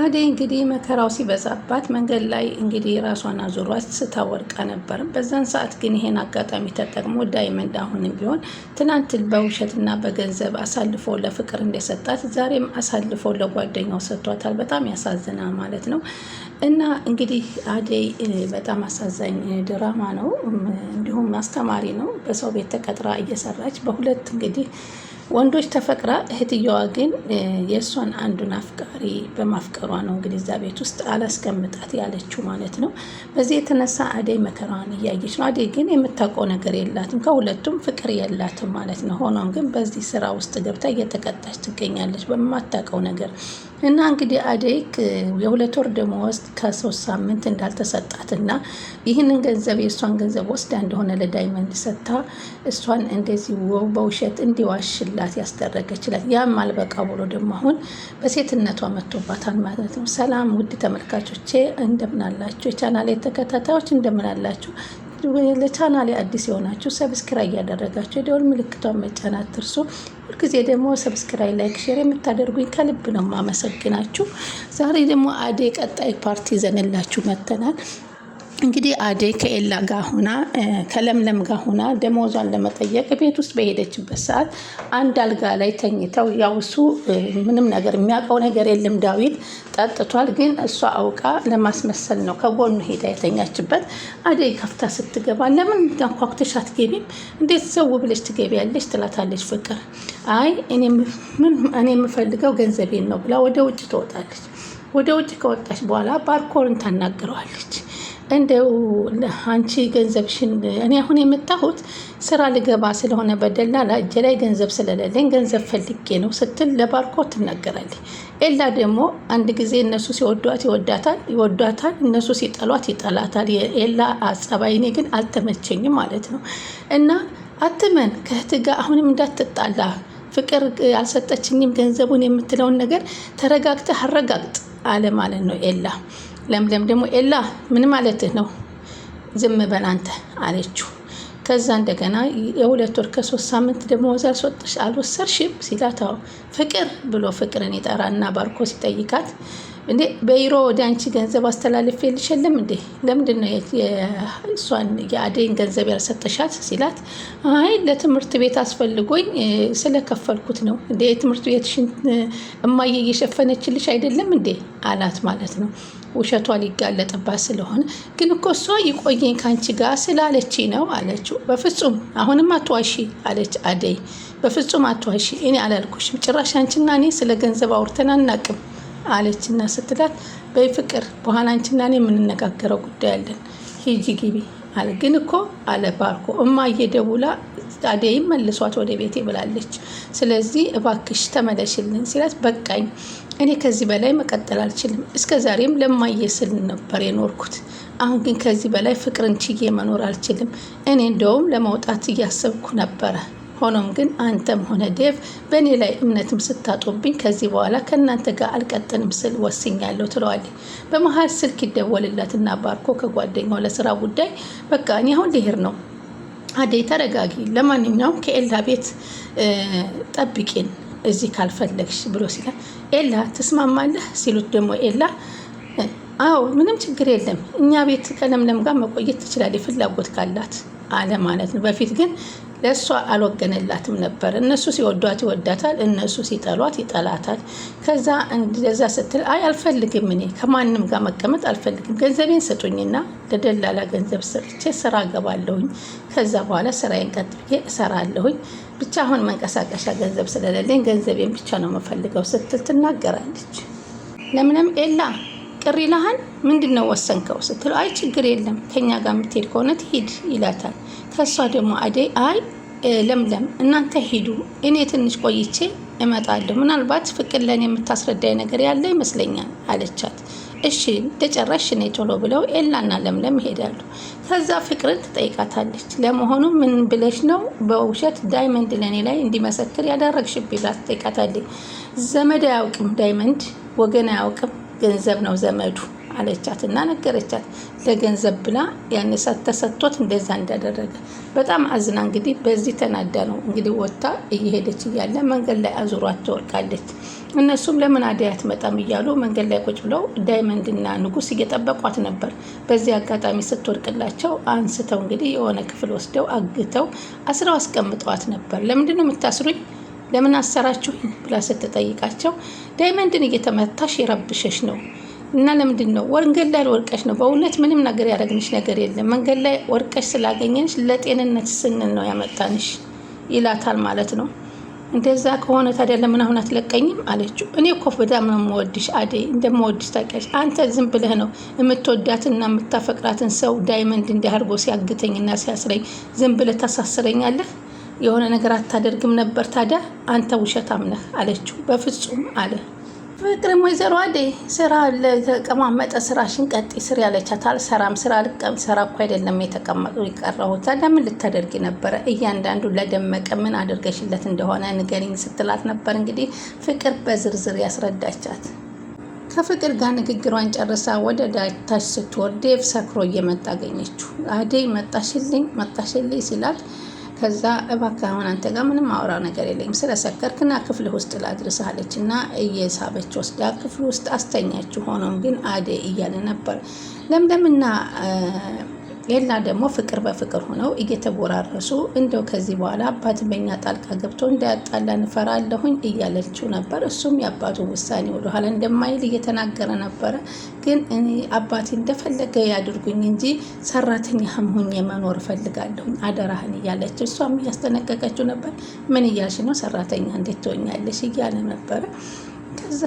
አደይ እንግዲህ መከራው ሲበዛባት መንገድ ላይ እንግዲህ ራሷን አዙሯት ስታወርቃ ነበር። በዛን ሰዓት ግን ይሄን አጋጣሚ ተጠቅሞ ዳይመንድ አሁንም ቢሆን ትናንት በውሸትና በገንዘብ አሳልፎ ለፍቅር እንደሰጣት ዛሬም አሳልፎ ለጓደኛው ሰጥቷታል። በጣም ያሳዝና ማለት ነው። እና እንግዲህ አደይ በጣም አሳዛኝ ድራማ ነው፣ እንዲሁም አስተማሪ ነው። በሰው ቤት ተቀጥራ እየሰራች በሁለት እንግዲህ ወንዶች ተፈቅራ እህትየዋ ግን የእሷን አንዱን አፍቃሪ በማፍቀሯ ነው እንግዲህ እዛ ቤት ውስጥ አላስቀምጣት ያለችው ማለት ነው። በዚህ የተነሳ አደይ መከራዋን እያየች ነው። አደይ ግን የምታውቀው ነገር የላትም፣ ከሁለቱም ፍቅር የላትም ማለት ነው። ሆኖም ግን በዚህ ስራ ውስጥ ገብታ እየተቀጣች ትገኛለች በማታውቀው ነገር እና እንግዲህ አደይ የሁለት ወር ደመወዝ ከሶስት ሳምንት እንዳልተሰጣትና ይህንን ገንዘብ የእሷን ገንዘብ ወስዳ እንደሆነ ለዳይመንድ ሰጥታ እሷን እንደዚህ በውሸት እንዲዋሽላት ያስደረገችላት ያም አልበቃ ብሎ ደግሞ አሁን በሴትነቷ መጥቶባታል ማለት ነው። ሰላም ውድ ተመልካቾቼ እንደምናላችሁ፣ የቻናሌ ተከታታዮች እንደምናላችሁ ለቻናሌ አዲስ የሆናችሁ ሰብስክራይ እያደረጋችሁ የደወል ምልክቷን መጫን አትርሱ። ሁልጊዜ ደግሞ ሰብስክራይ፣ ላይክ፣ ሼር የምታደርጉኝ ከልብ ነው የማመሰግናችሁ። ዛሬ ደግሞ አዴ ቀጣይ ፓርቲ ይዘንላችሁ መተናል። እንግዲህ አደይ ከኤላ ጋር ሆና ከለምለም ጋር ሆና ደሞዟን ለመጠየቅ ቤት ውስጥ በሄደችበት ሰዓት አንድ አልጋ ላይ ተኝተው ያው እሱ ምንም ነገር የሚያውቀው ነገር የለም ዳዊት ጠጥቷል። ግን እሷ አውቃ ለማስመሰል ነው ከጎኑ ሄዳ የተኛችበት። አደይ ከፍታ ስትገባ ለምን አንኳኩተሽ አትገቢም? እንዴት ዘው ብለሽ ትገቢያለሽ? ትላታለች ፍቅር። አይ እኔ የምፈልገው ገንዘቤን ነው ብላ ወደ ውጭ ትወጣለች። ወደ ውጭ ከወጣች በኋላ ባርኮርን ታናግረዋለች። እንደው አንቺ ገንዘብሽን እኔ አሁን የመጣሁት ስራ ልገባ ስለሆነ በደልና እጄ ላይ ገንዘብ ስለሌለኝ ገንዘብ ፈልጌ ነው ስትል ለባርኮት ትናገራለች። ኤላ ደግሞ አንድ ጊዜ እነሱ ሲወዷት ይወዳታል፣ ይወዷታል፣ እነሱ ሲጠሏት ይጠላታል። የኤላ አጸባይ እኔ ግን አልተመቸኝም ማለት ነው። እና አትመን ከእህት ጋር አሁንም እንዳትጣላ ፍቅር አልሰጠችኝም ገንዘቡን የምትለውን ነገር ተረጋግተህ አረጋግጥ አለ ማለት ነው ኤላ ለምለም ደግሞ ኤላ ምን ማለትህ ነው? ዝም በል አንተ አለችው። ከዛ እንደገና የሁለት ወር ከሶስት ሳምንት ደሞዝ አልወሰድሽም ሲላት ፍቅር ብሎ ፍቅርን ይጠራና ባርኮ ሲጠይቃት እንዴ በዩሮ ወደ አንቺ ገንዘብ አስተላልፍ የልሸለም እንዴ ለምንድን ነው እሷን የአደይን ገንዘብ ያልሰጠሻት ሲላት፣ አይ ለትምህርት ቤት አስፈልጎኝ ስለከፈልኩት ነው እንዴ የትምህርት ቤትሽን እማዬ እየሸፈነችልሽ አይደለም እንዴ አላት ማለት ነው። ውሸቷ ሊጋለጥባት ስለሆነ ግን እኮ እሷ ይቆየኝ ከአንቺ ጋር ስላለች ነው አለችው። በፍጹም አሁንም አትዋሺ አለች አደይ። በፍጹም አትዋሺ፣ እኔ አላልኩሽም። ጭራሽ አንቺና እኔ ስለ ገንዘብ አውርተን አናቅም አለችና ስትላት በይ ፍቅር በኋላ አንቺና እኔ የምንነጋገረው ጉዳይ አለን ሂጂ ግቢ አለ። ግን እኮ አለ ባርኮ እማዬ ደውላ አደይም መልሷት ወደ ቤቴ ብላለች። ስለዚህ እባክሽ ተመለሽልን ሲላት በቃኝ እኔ ከዚህ በላይ መቀጠል አልችልም። እስከ ዛሬም ለማየ ስል ነበር የኖርኩት። አሁን ግን ከዚህ በላይ ፍቅርን ችዬ መኖር አልችልም። እኔ እንደውም ለመውጣት እያሰብኩ ነበረ ሆኖም ግን አንተም ሆነ ዴቭ በእኔ ላይ እምነትም ስታጡብኝ ከዚህ በኋላ ከእናንተ ጋር አልቀጥልም ስል ወስኛለሁ ትለዋለች። በመሀል ስልክ ይደወልላትና ባርኮ ከጓደኛው ለስራ ጉዳይ በቃ እኔ አሁን ልሄድ ነው አደይ ተረጋጊ፣ ለማንኛውም ከኤላ ቤት ጠብቂን እዚህ ካልፈለግሽ ብሎ ሲላል ኤላ ትስማማለህ ሲሉት ደግሞ ኤላ አዎ ምንም ችግር የለም እኛ ቤት ከለምለም ጋር መቆየት ትችላለች ፍላጎት ካላት አለ ማለት ነው። በፊት ግን ለእሷ አልወገነላትም ነበር። እነሱ ሲወዷት ይወዳታል፣ እነሱ ሲጠሏት ይጠላታል። ከዛ እንደዛ ስትል አይ አልፈልግም፣ እኔ ከማንም ጋር መቀመጥ አልፈልግም፣ ገንዘቤን ስጡኝና ለደላላ ገንዘብ ሰጥቼ ስራ ገባለሁኝ። ከዛ በኋላ ስራዬን ቀጥ ብዬ እሰራለሁኝ። ብቻ አሁን መንቀሳቀሻ ገንዘብ ስለሌለኝ ገንዘቤን ብቻ ነው የምፈልገው ስትል ትናገራለች። ለምለም ኤላ ቅር ይልሃል? ምንድን ነው ወሰንከው? ስትለው አይ ችግር የለም ከኛ ጋር የምትሄድ ከሆነ ትሂድ ይላታል። ከእሷ ደግሞ አደይ አይ ለምለም እናንተ ሂዱ፣ እኔ ትንሽ ቆይቼ እመጣለሁ። ምናልባት ፍቅር ለእኔ የምታስረዳኝ ነገር ያለ ይመስለኛል አለቻት። እሺ እንደጨረሽ እኔ ቶሎ ብለው ኤላና ለምለም ይሄዳሉ። ከዛ ፍቅርን ትጠይቃታለች። ለመሆኑ ምን ብለሽ ነው በውሸት ዳይመንድ ለእኔ ላይ እንዲመሰክር ያደረግሽብኝ? ብላ ትጠይቃታለች። ዘመድ አያውቅም ዳይመንድ ወገን አያውቅም ገንዘብ ነው ዘመዱ አለቻት እና ነገረቻት። ለገንዘብ ብላ ያን ተሰጥቶት እንደዛ እንዳደረገ በጣም አዝና እንግዲህ በዚህ ተናዳ ነው እንግዲህ ወጥታ እየሄደች እያለ መንገድ ላይ አዙሯት ትወድቃለች። እነሱም ለምን አደይ አትመጣም እያሉ መንገድ ላይ ቁጭ ብለው ዳይመንድና ንጉስ እየጠበቋት ነበር። በዚህ አጋጣሚ ስትወድቅላቸው አንስተው እንግዲህ የሆነ ክፍል ወስደው አግተው አስረው አስቀምጠዋት ነበር። ለምንድን ነው የምታስሩኝ? ለምን አሰራችሁ ብላ ስትጠይቃቸው ዳይመንድን እየተመታሽ የረብሸሽ ነው እና ለምንድን ነው መንገድ ላይ ወርቀሽ ነው? በእውነት ምንም ነገር ያደረግንሽ ነገር የለም። መንገድ ላይ ወርቀሽ ስላገኘንሽ ለጤንነት ስንል ነው ያመጣንሽ ይላታል ማለት ነው። እንደዛ ከሆነ ታዲያ ለምን አሁን አትለቀኝም? አለችው። እኔ እኮ በጣም ነው የምወድሽ አደይ፣ እንደምወድሽ ታውቂያለሽ። አንተ ዝም ብለህ ነው የምትወዳትና የምታፈቅራትን ሰው ዳይመንድ እንዲህ አድርጎ ሲያግተኝና ሲያስረኝ ዝም ብለህ ታሳስረኛለህ የሆነ ነገር አታደርግም ነበር ታዲያ አንተ ውሸታም ነህ አለችው። በፍጹም አለ። ፍቅርም ወይዘሮ አዴ ስራ ለተቀማመጠ ስራሽን ቀጥይ ስር ያለቻት። አልሰራም ስራ ልቀም ስራ እኮ አይደለም የተቀመጡ የቀረሁት ታዲያ ምን ልታደርጊ ነበረ? እያንዳንዱ ለደመቀ ምን አድርገሽለት እንደሆነ ንገሪኝ ስትላት ነበር። እንግዲህ ፍቅር በዝርዝር ያስረዳቻት። ከፍቅር ጋር ንግግሯን ጨርሳ ወደ ዳታች ስትወርድ ሰክሮ እየመጣ አገኘችው። አዴ መጣሽልኝ መጣሽልኝ ሲላት ከዛ እባክህ አሁን አንተ ጋር ምንም አውራ ነገር የለኝም ስለሰከርክና ክፍል ውስጥ ላድርስ አለች እና እየሳበች ወስዳ ክፍል ውስጥ አስተኛችሁ። ሆኖም ግን አደይ እያለ ነበር ለምለምና ኤላ ደግሞ ፍቅር በፍቅር ሆነው እየተጎራረሱ እንደው ከዚህ በኋላ አባት በኛ ጣልቃ ገብቶ እንዳያጣላ እንፈራለሁኝ እያለችው ነበር። እሱም የአባቱ ውሳኔ ወደኋላ እንደማይል እየተናገረ ነበረ። ግን እኔ አባቴ እንደፈለገ ያድርጉኝ እንጂ ሰራተኛህም ሁኜ የመኖር እፈልጋለሁኝ አደራህን እያለች እሷም እያስጠነቀቀችው ነበር። ምን እያልሽ ነው ሰራተኛ እንዴት ትሆኛለሽ እያለ ነበረ ከዛ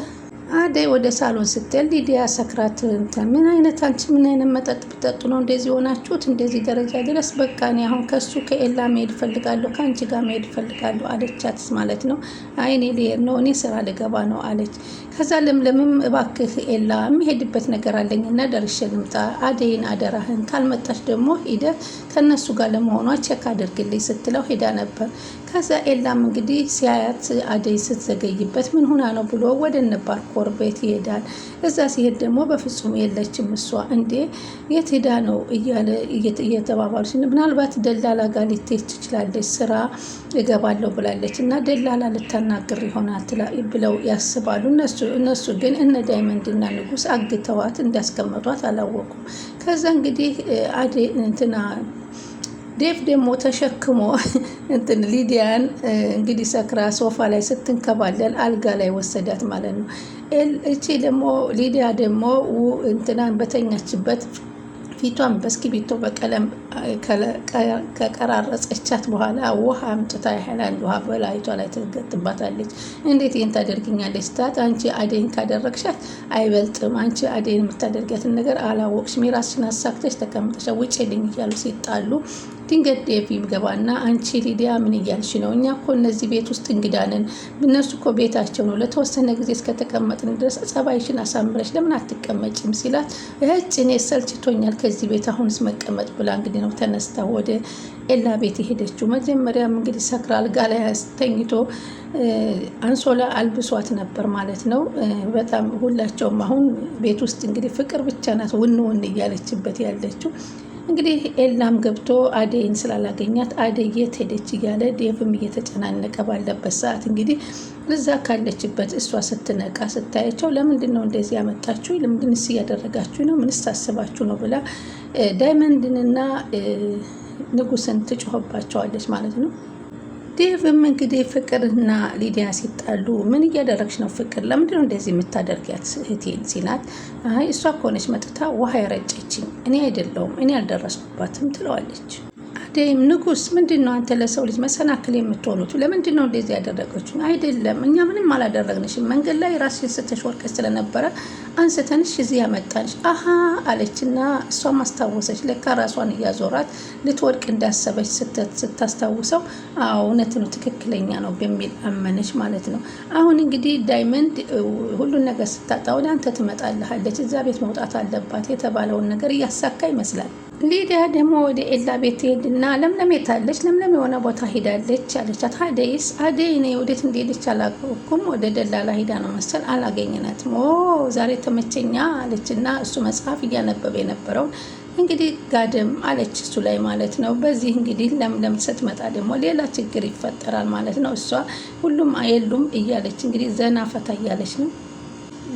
አደይ ወደ ሳሎን ስትል ሊዲያ ሰክራት እንትን ምን አይነት አንቺ ምን አይነት መጠጥ ብጠጡ ነው እንደዚህ የሆናችሁት? እንደዚህ ደረጃ ድረስ በቃ እኔ አሁን ከሱ ከኤላ መሄድ እፈልጋለሁ፣ ከአንቺ ጋር መሄድ እፈልጋለሁ አለቻት ማለት ነው። አይ እኔ ልሄድ ነው፣ እኔ ስራ ልገባ ነው አለች። ከዛ ለምለምም እባክህ ኤላ የሚሄድበት ነገር አለኝና ደርሼ ልምጣ፣ አደይን አደራህን፣ ካልመጣች ደግሞ ሂደህ ከእነሱ ጋር ለመሆኗ ቼክ አድርግልኝ ስትለው ሄዳ ነበር። ከዛ ኤላም እንግዲህ ሲያያት አደይ ስትዘገይበት ምን ሁና ነው ብሎ ወደ እነ ባርኮር ቤት ይሄዳል። እዛ ሲሄድ ደግሞ በፍጹም የለችም እሷ እንዴ የት ሄዳ ነው እያለ እየተባባሉ ምናልባት ደላላ ጋር ልትሄድ ትችላለች፣ ስራ እገባለሁ ብላለች እና ደላላ ልታናግር ይሆናል ብለው ያስባሉ። እነሱ ግን እነ ዳይመንድ ዳይመንድና ንጉስ አግተዋት እንዳስቀመጧት አላወቁም። ከዛ እንግዲህ አደይ እንትና ዴቭ ደግሞ ተሸክሞ እንትን ሊዲያን እንግዲህ ሰክራ ሶፋ ላይ ስትንከባለል አልጋ ላይ ወሰዳት ማለት ነው። እቺ ደግሞ ሊዲያ ደግሞ እንትናን በተኛችበት ፊቷን በእስክሪብቶ በቀለም ከቀራረጸቻት በኋላ ውሃ አምጥታ የሃይላንድ ውሃ በላይቷ ላይ ትገጥባታለች። እንዴት ይህን ታደርግኛለች ስታት አንቺ አደይን ካደረግሻት አይበልጥም፣ አንቺ አደይን የምታደርጊያትን ነገር አላወቅሽም፣ የራስሽን አሳክተሽ ተቀምጠሻ ውጭ ልኝ እያሉ ሲጣሉ ድንገት ዴቭ ይገባና አንቺ ሊዲያ ምን እያልሽ ነው? እኛ እኮ እነዚህ ቤት ውስጥ እንግዳ ነን። እነሱ እኮ ቤታቸው ነው። ለተወሰነ ጊዜ እስከተቀመጥን ድረስ ጸባይሽን አሳምረሽ ለምን አትቀመጭም? ሲላት እህጭ እኔ ሰልችቶኛል ከዚህ ቤት አሁንስ መቀመጥ ብላ እንግዲህ ነው ተነስታ ወደ ኤላ ቤት የሄደችው። መጀመሪያም እንግዲህ ሰክራ አልጋ ላይ ተኝቶ አንሶላ አልብሷት ነበር ማለት ነው። በጣም ሁላቸውም አሁን ቤት ውስጥ እንግዲህ ፍቅር ብቻ ናት ውን ውን እያለችበት ያለችው እንግዲህ ኤላም ገብቶ አደይን ስላላገኛት አደይ የት ሄደች እያለ ዴቭም እየተጨናነቀ ባለበት ሰዓት እንግዲህ እዛ ካለችበት እሷ ስትነቃ ስታያቸው ለምንድን ነው እንደዚህ ያመጣችሁ? ለምንድንስ እያደረጋችሁ ነው? ምንስ ታስባችሁ ነው? ብላ ዳይመንድንና ንጉስን ትጮህባቸዋለች ማለት ነው። ዴቭም እንግዲህ ፍቅርና ሊዲያ ሲጣሉ ምን እያደረግሽ ነው ፍቅር? ለምንድን ነው እንደዚህ የምታደርጊያት እህቴን ሲላት፣ አይ እሷ ከሆነች መጥታ ውሃ የረጨችኝ እኔ አይደለውም እኔ አልደረስኩባትም ትለዋለች። አደይም ንጉስ ምንድን ነው አንተ ለሰው ልጅ መሰናክል የምትሆኑት? ለምንድን ነው እንደዚህ ያደረገችው? አይደለም እኛ ምንም አላደረግንሽም። መንገድ ላይ ራስሽን ስተሽ ወድቀሽ ስለነበረ አንስተንሽ እዚህ ያመጣንሽ። አሀ አለችና እሷም አስታወሰች። ለካ ራሷን እያዞራት ልትወድቅ እንዳሰበች ስታስታውሰው እውነት ነው ትክክለኛ ነው በሚል አመነች ማለት ነው። አሁን እንግዲህ ዳይመንድ ሁሉን ነገር ስታጣ ወደ አንተ ትመጣልሃለች። እዚያ ቤት መውጣት አለባት የተባለውን ነገር እያሳካ ይመስላል። ሊዲያ ደግሞ ወደ ኤላ ቤት ሄድና ለምለም የታለች? ለምለም የሆነ ቦታ ሂዳለች አለቻት። አደይስ አደይ እኔ ወዴት እንደሄደች አላውቅም፣ ወደ ደላላ ሄዳ ነው መሰል አላገኘናትም። ኦ ዛሬ ተመቸኛ አለችና እሱ መጽሐፍ እያነበበ የነበረውን እንግዲህ ጋደም አለች እሱ ላይ ማለት ነው። በዚህ እንግዲህ ለምለም ስትመጣ ደግሞ ሌላ ችግር ይፈጠራል ማለት ነው። እሷ ሁሉም የሉም እያለች እንግዲህ ዘና ፈታ እያለች ነው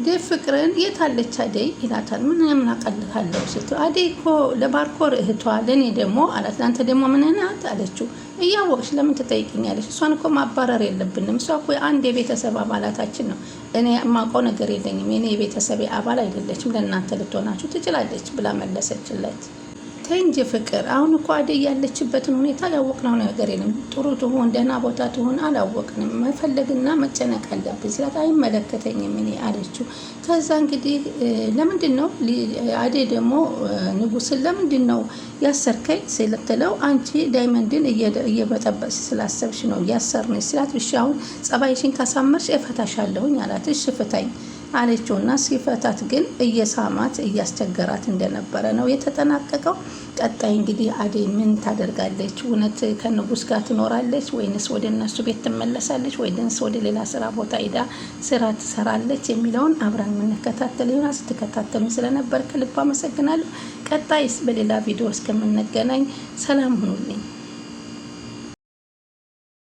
እንዴ ፍቅርን የት አለች አደይ ይላታል። ምን ምን አቀልካለሁ አደይ እኮ ለባርኮር እህቷ ለእኔ ደግሞ አላት። ለአንተ ደግሞ ምንናት አለችው። እያወቅሽ ለምን ትጠይቅኛለች? እሷን እኮ ማባረር የለብንም። እሷ እኮ አንድ የቤተሰብ አባላታችን ነው። እኔ የማውቀው ነገር የለኝም። የኔ የቤተሰብ አባል አይደለችም። ለእናንተ ልትሆናችሁ ትችላለች ብላ መለሰችለት። ተይ እንጂ ፍቅር፣ አሁን እኮ አደይ ያለችበትን ሁኔታ ያወቅነው ነገር የለም። ጥሩ ትሆን ደህና ቦታ ትሁን አላወቅንም። መፈለግና መጨነቅ አለብን ስላት አይመለከተኝም እኔ አለችው። ከዛ እንግዲህ ለምንድን ነው አደይ ደግሞ ንጉስን ለምንድን ነው ያሰርከኝ ስትለው አንቺ ዳይመንድን እየበጠበስ ስላሰብሽ ነው እያሰርነች ስላት፣ እሺ አሁን ጸባይሽን ካሳመርሽ እፈታሻለሁኝ አላት። እሺ ፍታኝ አለችውና ሲፈታት ግን እየሳማት እያስቸገራት እንደነበረ ነው የተጠናቀቀው። ቀጣይ እንግዲህ አደይ ምን ታደርጋለች? እውነት ከንጉስ ጋር ትኖራለች ወይንስ ወደ እነሱ ቤት ትመለሳለች ወይንስ ወደ ሌላ ስራ ቦታ ሄዳ ስራ ትሰራለች የሚለውን አብረን የምንከታተል ይሆናል። ስትከታተሉ ስለነበር ከልብ አመሰግናለሁ። ቀጣይስ በሌላ ቪዲዮ እስከምንገናኝ ሰላም ሁኑልኝ።